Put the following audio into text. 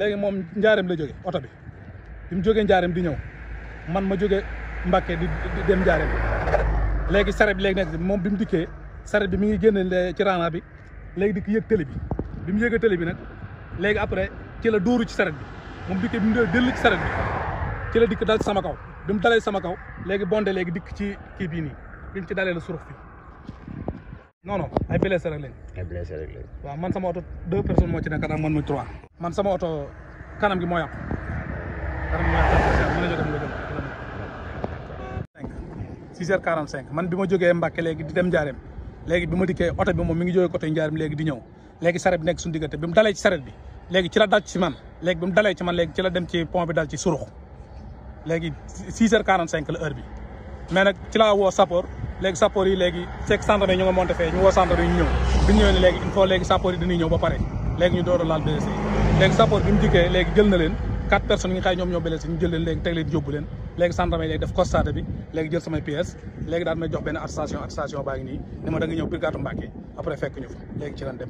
léegi moom njaareem la jóge oto bi bi mu jógee njaareem di ñëw man ma jóge Mbàkke di dem njaareem léegi saret bi léegi nekk moom bi mu dikkee saret bi mi ngi génne ci raana bi léegi dikk yëg tëli bi bi mu yëgee tëli bi nag léegi après ci la dóoru ci saret bi moom dikkee bi mu dellu ci saret bi ci la dikk dal ci sama kaw bi mu dalee sama kaw léegi bonde léegi dikk ci kii bii nii bi mu ci dalee la suruf bi non non ay blessé rek lañ. ay blessé rek lañ. waaw man sama oto deux personnes moo ci nekk ak man muy trois. man sama oto kanam gi moo yàqu. kanam gi moo man bi ma jógee Mbacke léegi di dem Ndiarème léegi bi ma dikkee oto bi moom mi ngi jógee côté Ndiarème léegi di ñëw léegi saret bi nekk suñu te bi mu dalee ci bi léegi ci la dal ci man léegi bi mu dalee ci man léegi ci la dem ci pont bi dal ci surux léegi 6 heures 45 la heure bi mais nag ci laa woo sappoor léegi sappoor yi léegi fekk centre yi ñu nga fee ñu woo centre yi ñu ñëw bi ñu ñëwee ne léegi il faut léegi sappoor yi dañuy ñëw ba pare léegi ñu door a laal blessé yi léegi sappoor bi mu dikkee léegi jël na leen quatre personnes yi nga xay ñoom ñoo blessé ñu jël leen léegi teg leen yóbbu leen léegi centre yi léegi def constaté bi léegi jël samay pièces léegi daal may jox benn attestation attestation baa ngi nii ne ma da nga ñëw brigade Mbacké après fekk